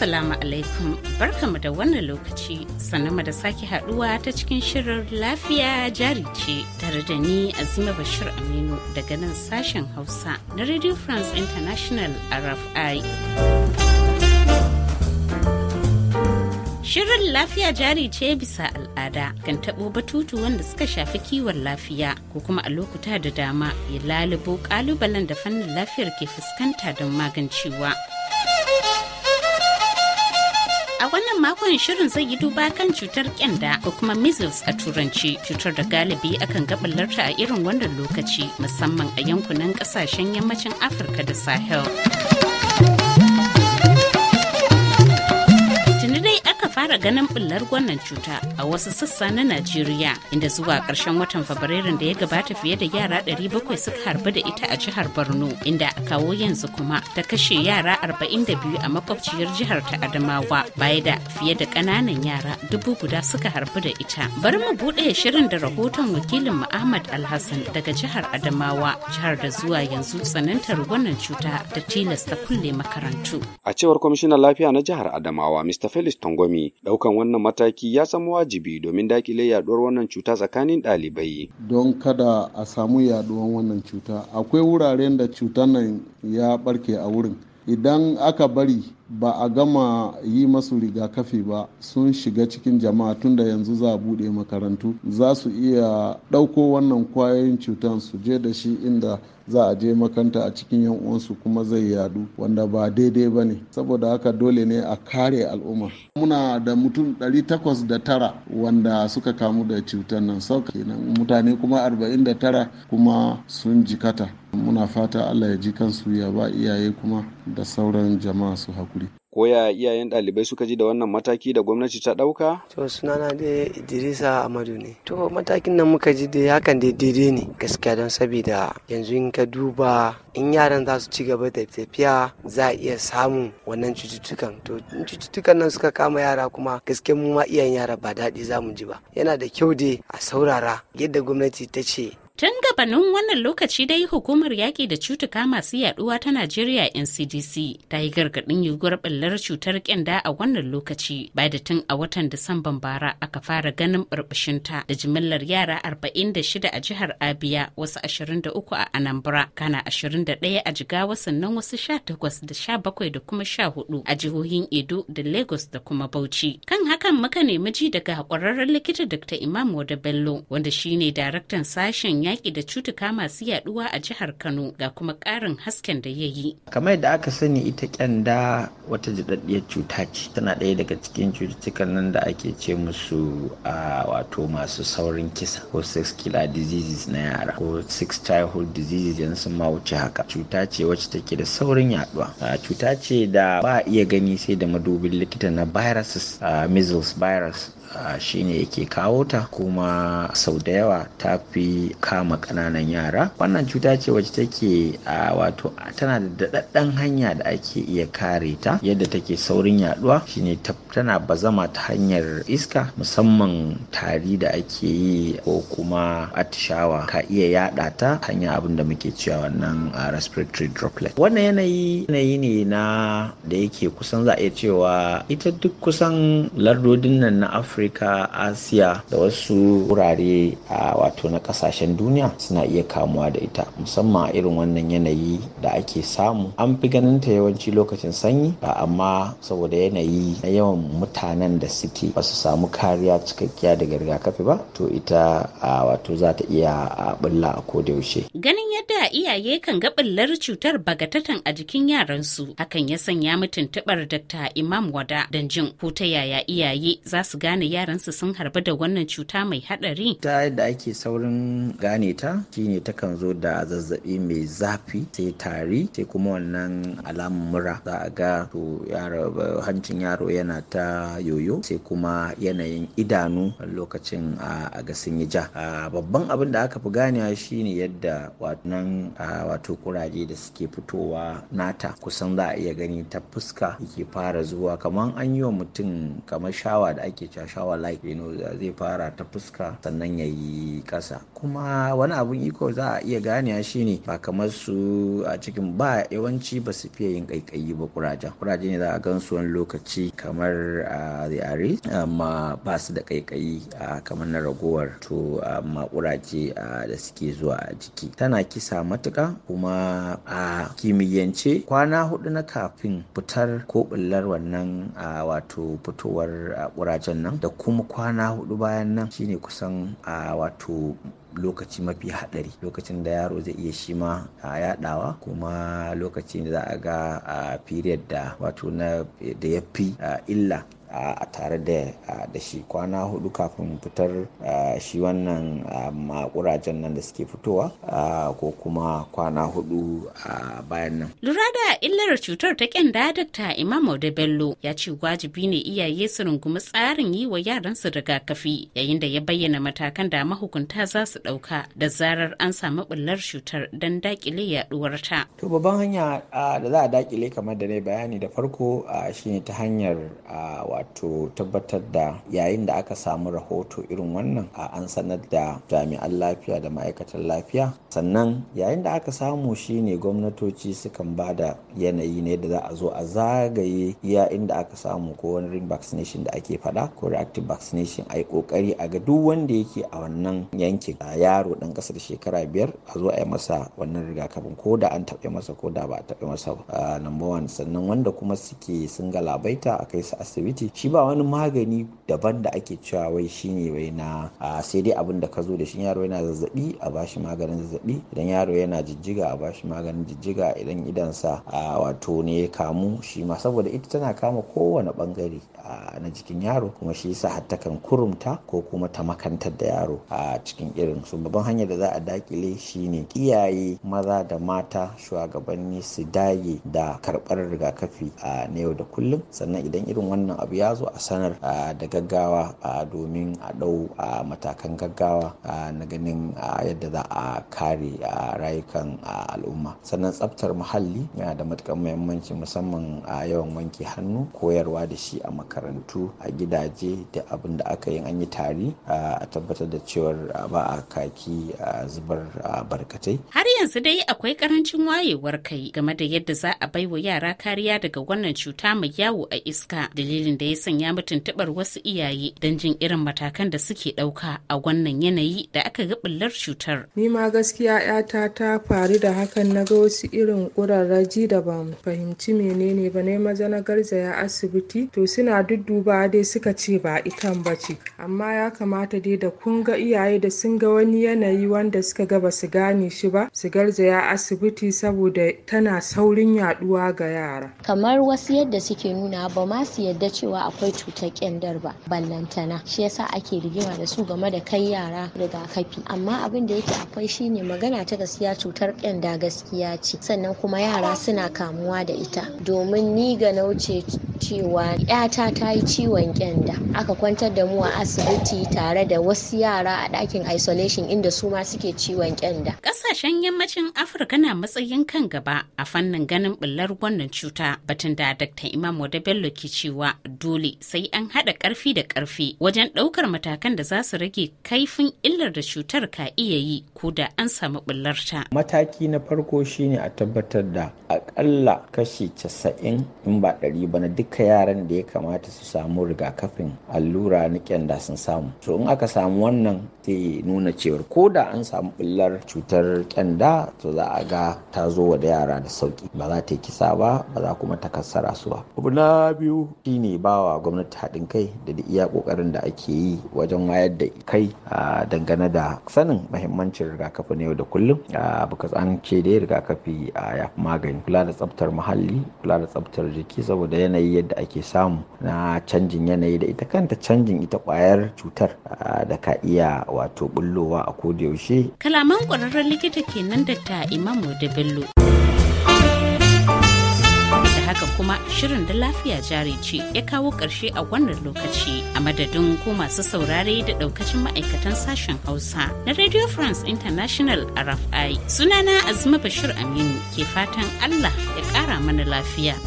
Assalamu alaikum barkamu da wannan lokaci sannu da sake haduwa ta cikin shirin lafiya jari ce tare da ni Azima Bashir Aminu daga nan sashen Hausa na Radio France International RFI. Shirin lafiya jari ce bisa al'ada kan taɓo batutu wanda suka shafi kiwon lafiya ko kuma a lokuta da dama ya lalubo ƙalubalen da fannin lafiyar ke fuskanta don magancewa. wannan makon shirin zai yi duba kan cutar kyanda ko kuma measles a turanci cutar da galibi akan gabalarta a irin wannan lokaci musamman a yankunan kasashen yammacin afirka da sahel. fara ganin bullar wannan cuta a wasu sassa na Najeriya inda zuwa ƙarshen watan Fabrairun da ya gabata fiye da yara 700 suka harbu da ita a jihar Borno inda a kawo yanzu kuma ta kashe yara 42 a makwabciyar jihar ta Adamawa baya da fiye da ƙananan yara dubu guda suka harbu da ita. Bari mu buɗe shirin da rahoton wakilin mu ahmad Alhassan daga jihar Adamawa jihar da zuwa yanzu tsanantar wannan cuta da tilasta kulle makarantu. A cewar kwamishinan lafiya na jihar Adamawa Mr. Felix Tongomi ilimi daukan wannan mataki ya samu wajibi domin dakile yaduwar wannan cuta tsakanin ɗalibai don kada a samu yaduwar wannan cuta akwai wuraren da cutar nan ya barke a wurin idan aka bari ba a gama yi masu rigakafi ba sun shiga cikin jama'a da yanzu za a bude makarantu za su iya ɗauko wannan kwayoyin cutar su je da shi inda za a je makanta a cikin yan uwansu kuma zai yadu wanda ba daidai ba ne saboda haka dole ne a kare al'umma muna da mutum 809 wanda suka kamu da cutar nan sauka kenan mutane kuma 49 kuma sun jikata muna fata allah ya ji kansu ya ba iyaye kuma da sauran jama'a su hakuri ko ya iyayen ɗalibai suka ji da wannan mataki da gwamnati ta ɗauka? to sunana da idrisa amadu ne to matakin nan muka ji da hakan dai daidai ne gaskiya don saboda yanzu in ka duba in yaran za su ci gaba da tafiya za a iya samun wannan cututtukan to in cututtukan nan suka kama yara kuma gaskiya mu ma iyayen yara ba daɗi za mu ji ba yana da kyau dai a saurara yadda gwamnati ta ce Tun gabanin wannan lokaci dai hukumar yaƙi da cutuka masu yaduwa ta Najeriya NCDC ta yi gargaɗin yiwuwar ɓallar cutar ƙyanda a wannan lokaci ba da tun a watan Disamban bara aka fara ganin ta da jimillar yara 46 a jihar Abia wasu 23 a Anambra kana 21 a Jigawa sannan wasu 18 da 17 da kuma 14 a jihohin Edo da Lagos da kuma Bauchi. Kan hakan muka nemi ji daga ƙwararren likita Dr. Imam Wada Bello wanda shine daraktan sashen yaƙi da cutuka masu yaduwa a jihar Kano ga kuma ƙarin hasken da ya yi. Kamar da aka sani ita kyanda wata jidaddiyar cuta ce tana ɗaya daga cikin cututtukan nan da ake ce musu a wato masu saurin kisa ko sex killer diseases na yara ko six childhood diseases yan sun ma wuce haka cuta ce wacce take da saurin yaduwa cuta ce da ba a iya gani sai da madubin likita na viruses measles virus shine yake kawo ta kuma sau da yawa ta fi kawo kama ƙananan yara wannan cuta ce wacce take a wato tana da daɗaɗɗen hanya da ake iya kare ta yadda take saurin yaɗuwa shine tana bazama ta hanyar iska musamman tari da ake yi ko kuma atishawa ka iya yada ta hanya abin da muke cewa wannan respiratory droplet wannan yanayi yanayi ne na da yake kusan za a iya cewa ita duk kusan lardodin nan na afirka asiya da wasu wurare a wato na kasashen duniya duniya suna iya kamuwa da ita musamman a irin wannan yanayi da ake samu an fi ganin ta yawanci lokacin sanyi ba amma saboda yanayi na yawan mutanen da suke ba su samu kariya cikakkiya daga rigakafi ba to ita a wato za ta iya bulla a yaushe. ganin yadda iyaye kan ga bullar cutar bagatatan a jikin yaransu hakan ya sanya mutum tabar Dr. Imam Wada don jin ko ta yaya iyaye za su gane yaransu sun harba da wannan cuta mai hadari ta yadda ake saurin gane ta shine takan zo da zazzabi mai zafi sai tari sai kuma wannan alamun mura za a ga to hancin yaro yana ta yoyo sai kuma yanayin idanu lokacin a ga sun yi ja babban abin da aka fi ganewa shine yadda nan wato kuraje da suke fitowa nata kusan za a iya gani ta fuska yake fara zuwa kamar an yi wa mutum kamar shawa da ake cashawa shawa like zai fara ta fuska sannan ya yi ƙasa kuma wani abun iko za a iya ganewa shine ba kamar su a cikin ba yawanci ba su fiye yin kaikayi ba kurajen kuraje ne za a gan su wani lokaci kamar a yare amma ba su da kaikayi kamar na ragowar to amma kuraje da suke zuwa a jiki tana kisa matuka kuma a kimiyyance kwana hudu na kafin fitar ko bullar wannan wato fitowar kurajen nan da kuma kwana hudu bayan nan shine kusan a wato lokaci mafi haɗari lokacin da yaro zai iya shi ma yaɗawa kuma lokacin da za a ga a period da wato na da ya fi illa a tare da shi kwana hudu kafin fitar shi wannan makurajen nan da suke fitowa ko kuma kwana hudu bayan nan. Lura da illar cutar ta kyanda Dr. Imam da Bello ya ce wajibi ne iyaye su rungumi tsarin yi wa yaransu rigakafi yayin da ya bayyana matakan da mahukunta za su ɗauka da zarar an samu bullar cutar don dakile yaɗuwar ta. To babban hanya da za a dakile kamar da ne bayani da farko shine ta hanyar wato tabbatar da yayin da aka samu rahoto irin wannan a an sanar da jami'an lafiya da ma'aikatan lafiya sannan yayin da aka samu shine gwamnatoci sukan ba da yanayi ne da za a zo a zagaye iya da aka samu ko wani ring vaccination da ake faɗa ko reactive vaccination a yi kokari a ga duk wanda yake a wannan yankin a yaro ɗan ƙasar shekara biyar a zo a yi masa wannan rigakafin ko da an taɓa masa ko da ba a taɓa masa ba number one sannan wanda kuma suke sun galabaita a kai su asibiti shi ba wani magani daban da ake cewa wai shine wai na sai dai abin da ka zo da shi yaro yana zazzabi a bashi maganin zazzabi idan yaro yana jijjiga a bashi maganin jijjiga idan idansa wato ne ya kamu shi ma saboda ita tana kama kowane bangare na jikin yaro kuma shi yasa hatta takan kurumta ko kuma ta makantar da yaro a cikin irin su babban hanyar da za a dakile shine iyaye maza da mata shugabanni su dage da karbar rigakafi a na yau da kullum sannan idan irin wannan abu ya zo a sanar da gaggawa domin a ɗau matakan gaggawa na ganin yadda za a kare rayukan al'umma sannan tsaftar muhalli yana da matukar muhimmanci musamman a yawan wanke hannu koyarwa da shi a makarantu a gidaje da abin da aka yi an yi tari a tabbatar da cewar ba a kaki zubar barkatai har yanzu dai akwai karancin wayewar kai game da yadda za a baiwa yara kariya daga wannan cuta mai yawo a iska dalilin da ya sanya wasu iyaye don jin irin matakan da suke ɗauka a wannan yanayi da aka ga ɓullar cutar. Ni ma gaskiya 'yata ta faru da hakan na ga wasu irin ƙurarraji da ban fahimci menene ba ne maza na garzaya asibiti to suna dudduba dai suka ce ba itan ba ce amma ya kamata dai da kun ga iyaye da sun ga wani yanayi wanda suka ga ba su gane shi ba su garzaya asibiti saboda tana saurin yaduwa ga yara. Kamar wasu yadda suke nuna ba ma su yadda cewa cewa akwai cutar kyandar ba ballantana shi yasa ake rigima da su game da kai yara rigakafi amma abin da yake akwai shine magana ta gaskiya cutar kyanda gaskiya ce sannan kuma yara suna kamuwa da ita domin ni ga nauce cewa yata ta yi ciwon kyanda aka kwantar da mu a asibiti tare da wasu yara a ɗakin isolation inda su ma suke ciwon kyanda ƙasashen yammacin afirka na matsayin kan gaba a fannin ganin bullar wannan cuta batun da dr imam bello ke cewa dole sai an haɗa ƙarfi da ƙarfi wajen ɗaukar matakan da za su rage kaifin illar da cutar ka iya yi ko da an samu ɓullarta. Mataki na farko shine a tabbatar da aƙalla kashi casa'in in ba ɗari bana na duka yaran da ya kamata su samu rigakafin allura na ƙyanda sun samu. To in aka samu wannan zai nuna cewar ko da an samu ɓullar cutar kyanda to za a ga ta zo wa da yara da sauƙi ba za ta yi kisa ba ba za kuma ta kassara su ba. Abu na biyu shine ba bawa gwamnati haɗin kai da duk iya ƙoƙarin da ake yi wajen wayar da kai a dangane da sanin mahimmancin rigakafi na yau da kullum a bukas ce dai rigakafi a ya fi magani kula da tsaftar muhalli kula da tsaftar jiki saboda yanayi yadda ake samu na canjin yanayi da ita kanta canjin ita ƙwayar cutar da ka iya wato bullowa a kodiyaushe yaushe kalaman ƙwararren likita kenan da ta imamu da bello haka kuma shirin da lafiya jari ce ya kawo ƙarshe a wannan lokaci a madadin ko masu saurare da ɗaukacin ma'aikatan sashen Hausa na Radio France International RFI. Sunana Azuma Bashir Aminu ke fatan Allah ya ƙara mana lafiya.